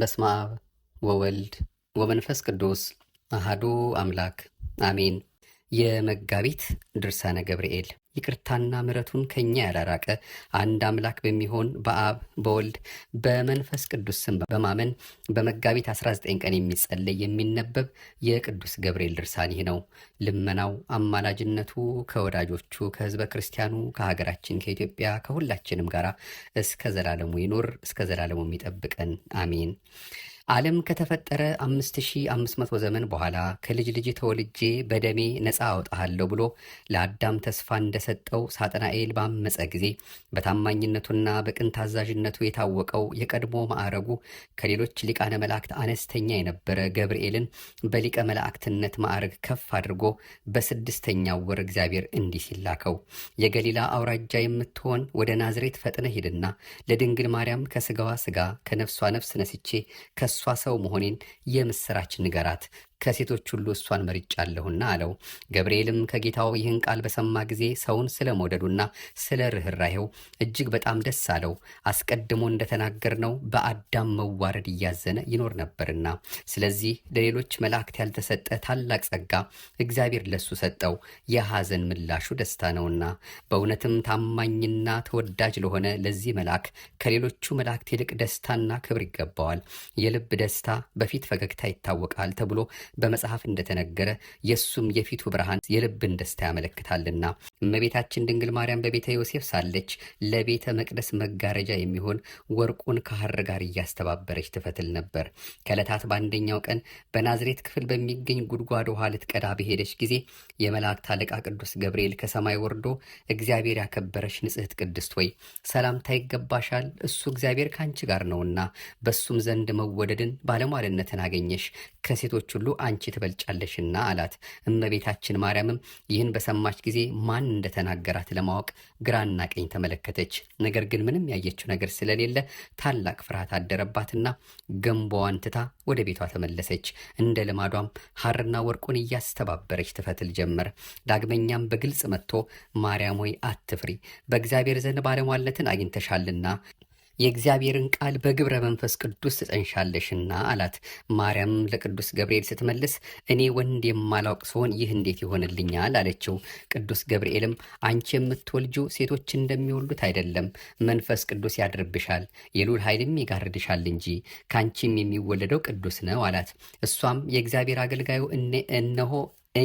በስመ አብ ወወልድ ወመንፈስ ቅዱስ አሃዱ አምላክ አሜን። የመጋቢት ድርሳነ ገብርኤል ይቅርታና ምረቱን ከኛ ያላራቀ አንድ አምላክ በሚሆን በአብ በወልድ በመንፈስ ቅዱስ ስም በማመን በመጋቢት 19 ቀን የሚጸለይ የሚነበብ የቅዱስ ገብርኤል ድርሳን ይህ ነው። ልመናው አማላጅነቱ ከወዳጆቹ ከህዝበ ክርስቲያኑ ከሀገራችን ከኢትዮጵያ ከሁላችንም ጋራ እስከ ዘላለሙ ይኖር እስከ ዘላለሙ የሚጠብቀን አሜን። ዓለም ከተፈጠረ 5500 ዘመን በኋላ ከልጅ ልጅ ተወልጄ በደሜ ነፃ አወጣሃለሁ ብሎ ለአዳም ተስፋ እንደሰጠው ሳጥናኤል ባመፀ ጊዜ በታማኝነቱና በቅን ታዛዥነቱ የታወቀው የቀድሞ ማዕረጉ ከሌሎች ሊቃነ መላእክት አነስተኛ የነበረ ገብርኤልን በሊቀ መላእክትነት ማዕረግ ከፍ አድርጎ በስድስተኛው ወር እግዚአብሔር እንዲህ ሲል ላከው። የገሊላ አውራጃ የምትሆን ወደ ናዝሬት ፈጥነ ሂድና ለድንግል ማርያም ከስጋዋ ስጋ ከነፍሷ ነፍስ ነስቼ ከሱ ለእሷ ሰው መሆኔን የምስራች ንገራት ከሴቶች ሁሉ እሷን መርጫለሁና አለው። ገብርኤልም ከጌታው ይህን ቃል በሰማ ጊዜ ሰውን ስለ መውደዱና ስለ ርኅራሄው እጅግ በጣም ደስ አለው። አስቀድሞ እንደተናገርነው በአዳም መዋረድ እያዘነ ይኖር ነበርና፣ ስለዚህ ለሌሎች መላእክት ያልተሰጠ ታላቅ ጸጋ እግዚአብሔር ለሱ ሰጠው። የሐዘን ምላሹ ደስታ ነውና በእውነትም ታማኝና ተወዳጅ ለሆነ ለዚህ መልአክ ከሌሎቹ መላእክት ይልቅ ደስታና ክብር ይገባዋል። የልብ ደስታ በፊት ፈገግታ ይታወቃል ተብሎ በመጽሐፍ እንደተነገረ የእሱም የፊቱ ብርሃን የልብን ደስታ ያመለክታልና እመቤታችን ድንግል ማርያም በቤተ ዮሴፍ ሳለች ለቤተ መቅደስ መጋረጃ የሚሆን ወርቁን ከሐር ጋር እያስተባበረች ትፈትል ነበር። ከዕለታት በአንደኛው ቀን በናዝሬት ክፍል በሚገኝ ጉድጓድ ውሃ ልትቀዳ በሄደች ጊዜ የመላእክት አለቃ ቅዱስ ገብርኤል ከሰማይ ወርዶ እግዚአብሔር ያከበረች ንጽሕት ቅድስት ወይ ሰላምታ ይገባሻል፣ እሱ እግዚአብሔር ከአንቺ ጋር ነውና በሱም ዘንድ መወደድን ባለሟልነትን አገኘሽ፣ ከሴቶች ሁሉ አንቺ ትበልጫለሽና አላት። እመቤታችን ማርያምም ይህን በሰማች ጊዜ ማን እንደተናገራት ለማወቅ ግራና ቀኝ ተመለከተች። ነገር ግን ምንም ያየችው ነገር ስለሌለ ታላቅ ፍርሃት አደረባትና ገንቧዋን ትታ ወደ ቤቷ ተመለሰች። እንደ ልማዷም ሐርና ወርቁን እያስተባበረች ትፈትል ጀመር። ዳግመኛም በግልጽ መጥቶ ማርያም ሆይ አትፍሪ፣ በእግዚአብሔር ዘንድ ባለሟለትን አግኝተሻልና የእግዚአብሔርን ቃል በግብረ መንፈስ ቅዱስ ትጸንሻለሽና አላት። ማርያም ለቅዱስ ገብርኤል ስትመልስ እኔ ወንድ የማላውቅ ሲሆን ይህ እንዴት ይሆንልኛል አለችው። ቅዱስ ገብርኤልም አንቺ የምትወልጁ ሴቶች እንደሚወልዱት አይደለም፣ መንፈስ ቅዱስ ያድርብሻል፣ የሉል ኃይልም ይጋርድሻል እንጂ ከአንቺም የሚወለደው ቅዱስ ነው አላት። እሷም የእግዚአብሔር አገልጋዩ እነሆ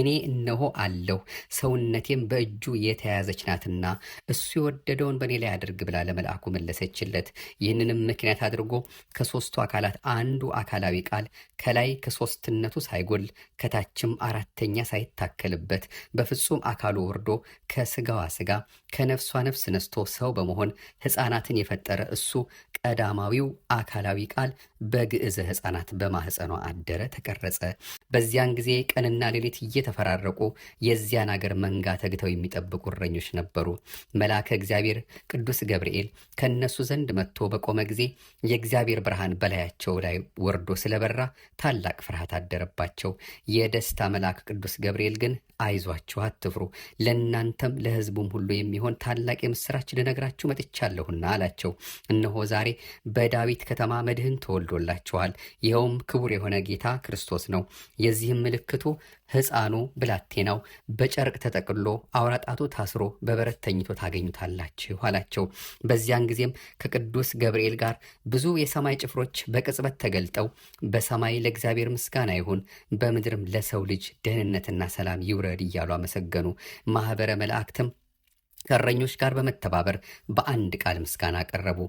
እኔ እነሆ አለሁ ሰውነቴም በእጁ የተያዘች ናትና እሱ የወደደውን በእኔ ላይ አድርግ ብላ ለመልአኩ መለሰችለት። ይህንንም ምክንያት አድርጎ ከሦስቱ አካላት አንዱ አካላዊ ቃል ከላይ ከሦስትነቱ ሳይጎል ከታችም አራተኛ ሳይታከልበት በፍጹም አካሉ ወርዶ ከስጋዋ ስጋ ከነፍሷ ነፍስ ነስቶ ሰው በመሆን ሕፃናትን የፈጠረ እሱ ቀዳማዊው አካላዊ ቃል በግዕዘ ሕፃናት በማኅፀኗ አደረ፣ ተቀረጸ። በዚያን ጊዜ ቀንና ሌሊት የተፈራረቁ የዚያን አገር መንጋ ተግተው የሚጠብቁ እረኞች ነበሩ። መልአከ እግዚአብሔር ቅዱስ ገብርኤል ከእነሱ ዘንድ መጥቶ በቆመ ጊዜ የእግዚአብሔር ብርሃን በላያቸው ላይ ወርዶ ስለበራ ታላቅ ፍርሃት አደረባቸው። የደስታ መልአክ ቅዱስ ገብርኤል ግን አይዟችሁ፣ አትፍሩ፣ ለእናንተም ለሕዝቡም ሁሉ የሚሆን ታላቅ የምስራች ልነግራችሁ መጥቻለሁና አላቸው። እነሆ ዛሬ በዳዊት ከተማ መድህን ተወልዶላችኋል፣ ይኸውም ክቡር የሆነ ጌታ ክርስቶስ ነው። የዚህም ምልክቱ ሕፃኑ ብላቴናው በጨርቅ ተጠቅሎ አውራ ጣቱ ታስሮ በበረት ተኝቶ ታገኙታላችሁ አላቸው። በዚያን ጊዜም ከቅዱስ ገብርኤል ጋር ብዙ የሰማይ ጭፍሮች በቅጽበት ተገልጠው በሰማይ ለእግዚአብሔር ምስጋና ይሁን፣ በምድርም ለሰው ልጅ ደህንነትና ሰላም ይውረድ እያሉ አመሰገኑ። ማኅበረ መላእክትም ከእረኞች ጋር በመተባበር በአንድ ቃል ምስጋና አቀረቡ።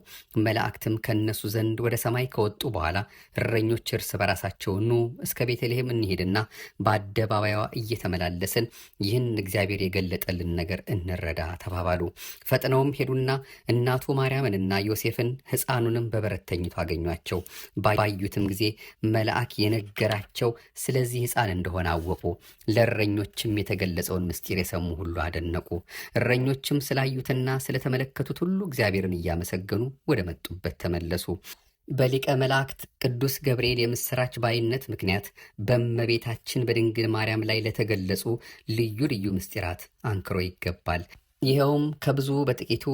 መላእክትም ከእነሱ ዘንድ ወደ ሰማይ ከወጡ በኋላ እረኞች እርስ በራሳቸው ኑ እስከ ቤተልሔም እንሄድና በአደባባይዋ እየተመላለስን ይህን እግዚአብሔር የገለጠልን ነገር እንረዳ ተባባሉ። ፈጥነውም ሄዱና እናቱ ማርያምንና ዮሴፍን ሕፃኑንም በበረት ተኝቶ አገኟቸው። ባዩትም ጊዜ መልአክ የነገራቸው ስለዚህ ሕፃን እንደሆነ አወቁ። ለእረኞችም የተገለጸውን ምስጢር የሰሙ ሁሉ አደነቁ። እረኞች ሰዎችም ስላዩትና ስለተመለከቱት ሁሉ እግዚአብሔርን እያመሰገኑ ወደ መጡበት ተመለሱ። በሊቀ መላእክት ቅዱስ ገብርኤል የምሥራች ባይነት ምክንያት በእመቤታችን በድንግል ማርያም ላይ ለተገለጹ ልዩ ልዩ ምስጢራት አንክሮ ይገባል። ይኸውም ከብዙ በጥቂቱ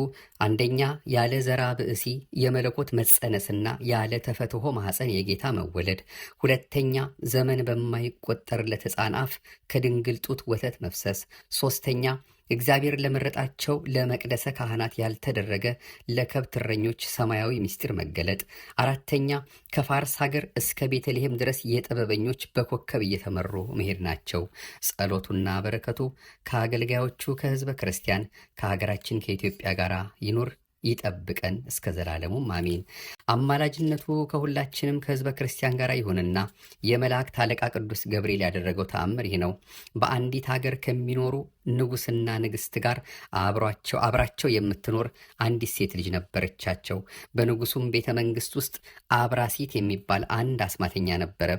አንደኛ፣ ያለ ዘራ ብእሲ የመለኮት መጸነስና ያለ ተፈትሆ ማኅፀን የጌታ መወለድ፣ ሁለተኛ፣ ዘመን በማይቆጠርለት ሕፃን አፍ ከድንግል ጡት ወተት መፍሰስ፣ ሦስተኛ እግዚአብሔር ለመረጣቸው ለመቅደሰ ካህናት ያልተደረገ ለከብት እረኞች ሰማያዊ ምስጢር መገለጥ። አራተኛ ከፋርስ ሀገር እስከ ቤተልሔም ድረስ የጥበበኞች በኮከብ እየተመሩ መሄድ ናቸው። ጸሎቱና በረከቱ ከአገልጋዮቹ ከህዝበ ክርስቲያን ከሀገራችን ከኢትዮጵያ ጋር ይኑር ይጠብቀን እስከ ዘላለሙም አሜን። አማላጅነቱ ከሁላችንም ከህዝበ ክርስቲያን ጋር ይሁንና የመላእክት አለቃ ቅዱስ ገብርኤል ያደረገው ተአምር ይህ ነው። በአንዲት ሀገር ከሚኖሩ ንጉሥና ንግሥት ጋር አብሯቸው አብራቸው የምትኖር አንዲት ሴት ልጅ ነበረቻቸው። በንጉሱም ቤተ መንግሥት ውስጥ አብራሲት የሚባል አንድ አስማተኛ ነበረ።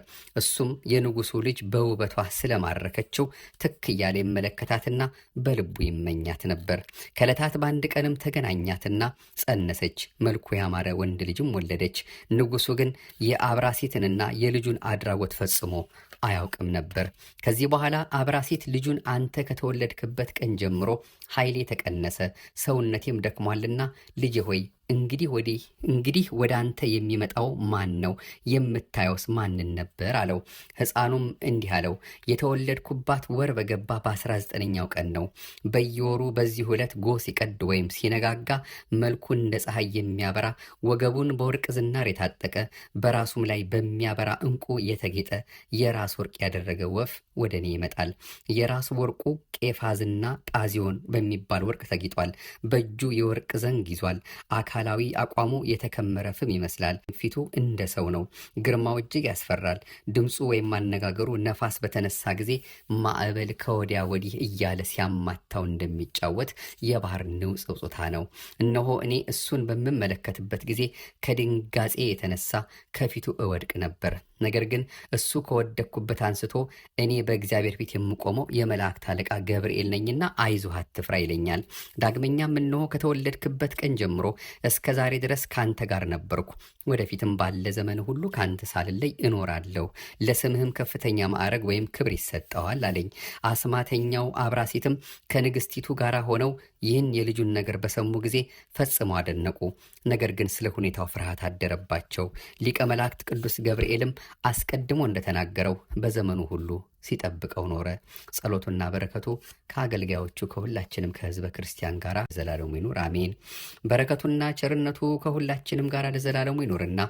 እሱም የንጉሱ ልጅ በውበቷ ስለማረከችው ትክ እያለ ይመለከታትና በልቡ ይመኛት ነበር። ከለታት በአንድ ቀንም ተገናኛትና ጸነሰች። መልኩ ያማረ ወንድ ልጅም ወለደች። ንጉሱ ግን የአብራሲትንና የልጁን አድራጎት ፈጽሞ አያውቅም ነበር። ከዚህ በኋላ አብራሲት ልጁን አንተ ከተወለድክበት ቀን ጀምሮ ኃይሌ ተቀነሰ፣ ሰውነቴም ደክሟልና ልጄ ሆይ እንግዲህ ወዲህ እንግዲህ ወደ አንተ የሚመጣው ማን ነው? የምታየውስ ማንን ነበር አለው። ሕፃኑም እንዲህ አለው፣ የተወለድኩባት ወር በገባ 19 ዘጠነኛው ቀን ነው። በየወሩ በዚህ ዕለት ጎህ ሲቀድ ወይም ሲነጋጋ መልኩን እንደ ፀሐይ የሚያበራ ወገቡን በወርቅ ዝናር የታጠቀ በራሱም ላይ በሚያበራ እንቁ የተጌጠ የራስ ወርቅ ያደረገ ወፍ ወደ እኔ ይመጣል። የራስ ወርቁ ቄፋዝና ጣዚዮን በሚባል ወርቅ ተጊጧል። በእጁ የወርቅ ዘንግ ይዟል። አካል አካላዊ አቋሙ የተከመረ ፍም ይመስላል። ፊቱ እንደ ሰው ነው። ግርማው እጅግ ያስፈራል። ድምፁ ወይም አነጋገሩ ነፋስ በተነሳ ጊዜ ማዕበል ከወዲያ ወዲህ እያለ ሲያማታው እንደሚጫወት የባህር ንውጽውጽታ ነው። እነሆ እኔ እሱን በምመለከትበት ጊዜ ከድንጋጼ የተነሳ ከፊቱ እወድቅ ነበር። ነገር ግን እሱ ከወደግኩበት አንስቶ እኔ በእግዚአብሔር ፊት የምቆመው የመላእክት አለቃ ገብርኤል ነኝና አይዞህ አትፍራ ይለኛል። ዳግመኛም እነሆ ከተወለድክበት ቀን ጀምሮ እስከ ዛሬ ድረስ ካንተ ጋር ነበርኩ፣ ወደፊትም ባለ ዘመን ሁሉ ካንተ ሳልለይ እኖራለሁ፣ ለስምህም ከፍተኛ ማዕረግ ወይም ክብር ይሰጠዋል አለኝ። አስማተኛው አብራሲትም ከንግስቲቱ ጋር ሆነው ይህን የልጁን ነገር በሰሙ ጊዜ ፈጽመው አደነቁ። ነገር ግን ስለ ሁኔታው ፍርሃት አደረባቸው። ሊቀ መላእክት ቅዱስ ገብርኤልም አስቀድሞ እንደተናገረው በዘመኑ ሁሉ ሲጠብቀው ኖረ። ጸሎቱና በረከቱ ከአገልጋዮቹ ከሁላችንም ከህዝበ ክርስቲያን ጋር ለዘላለሙ ይኑር፣ አሜን። በረከቱና ቸርነቱ ከሁላችንም ጋር ለዘላለሙ ይኑርና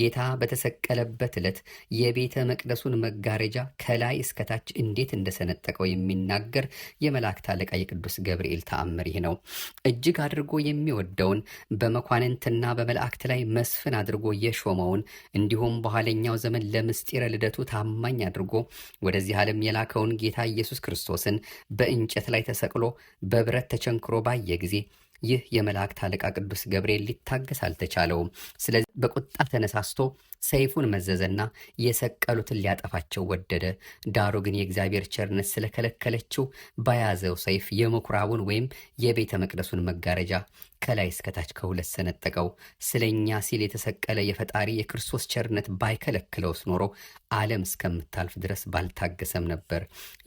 ጌታ በተሰቀለበት ዕለት የቤተ መቅደሱን መጋረጃ ከላይ እስከታች እንዴት እንደሰነጠቀው የሚናገር የመላእክት አለቃ የቅዱስ ገብርኤል ተአምር ይህ ነው። እጅግ አድርጎ የሚወደውን በመኳንንትና በመላእክት ላይ መስፍን አድርጎ የሾመውን እንዲሁም በኋለኛው ዘመን ለምስጢረ ልደቱ ታማኝ አድርጎ ወደዚህ ወደዚህ ዓለም የላከውን ጌታ ኢየሱስ ክርስቶስን በእንጨት ላይ ተሰቅሎ በብረት ተቸንክሮ ባየ ጊዜ ይህ የመላእክት አለቃ ቅዱስ ገብርኤል ሊታገስ አልተቻለውም። ስለዚህ በቁጣ ተነሳስቶ ሰይፉን መዘዘና የሰቀሉትን ሊያጠፋቸው ወደደ። ዳሩ ግን የእግዚአብሔር ቸርነት ስለከለከለችው በያዘው ሰይፍ የምኩራቡን ወይም የቤተ መቅደሱን መጋረጃ ከላይ እስከታች ከሁለት ሰነጠቀው። ስለ እኛ ሲል የተሰቀለ የፈጣሪ የክርስቶስ ቸርነት ባይከለክለውስ ኖሮ ዓለም እስከምታልፍ ድረስ ባልታገሰም ነበር።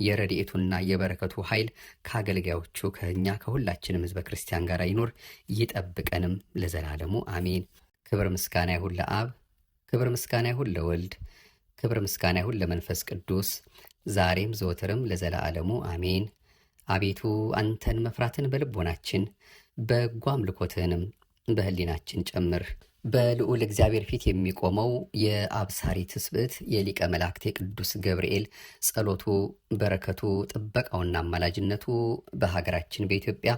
የረድኤቱና የበረከቱ ኃይል ከአገልጋዮቹ ከእኛ ከሁላችንም ሕዝበ ክርስቲያን ጋር ይኖር ይጠብቀንም ለዘላለሙ አሜን። ክብር ምስጋና ይሁን ለአብ፣ ክብር ምስጋና ይሁን ለወልድ፣ ክብር ምስጋና ይሁን ለመንፈስ ቅዱስ ዛሬም ዘወትርም ለዘላለሙ አሜን። አቤቱ አንተን መፍራትን በልቦናችን በጎ አምልኮትህንም በህሊናችን ጨምር። በልዑል እግዚአብሔር ፊት የሚቆመው የአብሳሪ ትስብእት የሊቀ መላእክት የቅዱስ ገብርኤል ጸሎቱ፣ በረከቱ፣ ጥበቃውና አማላጅነቱ በሀገራችን በኢትዮጵያ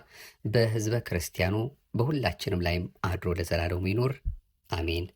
በህዝበ ክርስቲያኑ በሁላችንም ላይም አድሮ ለዘላለሙ ይኑር። አሜን።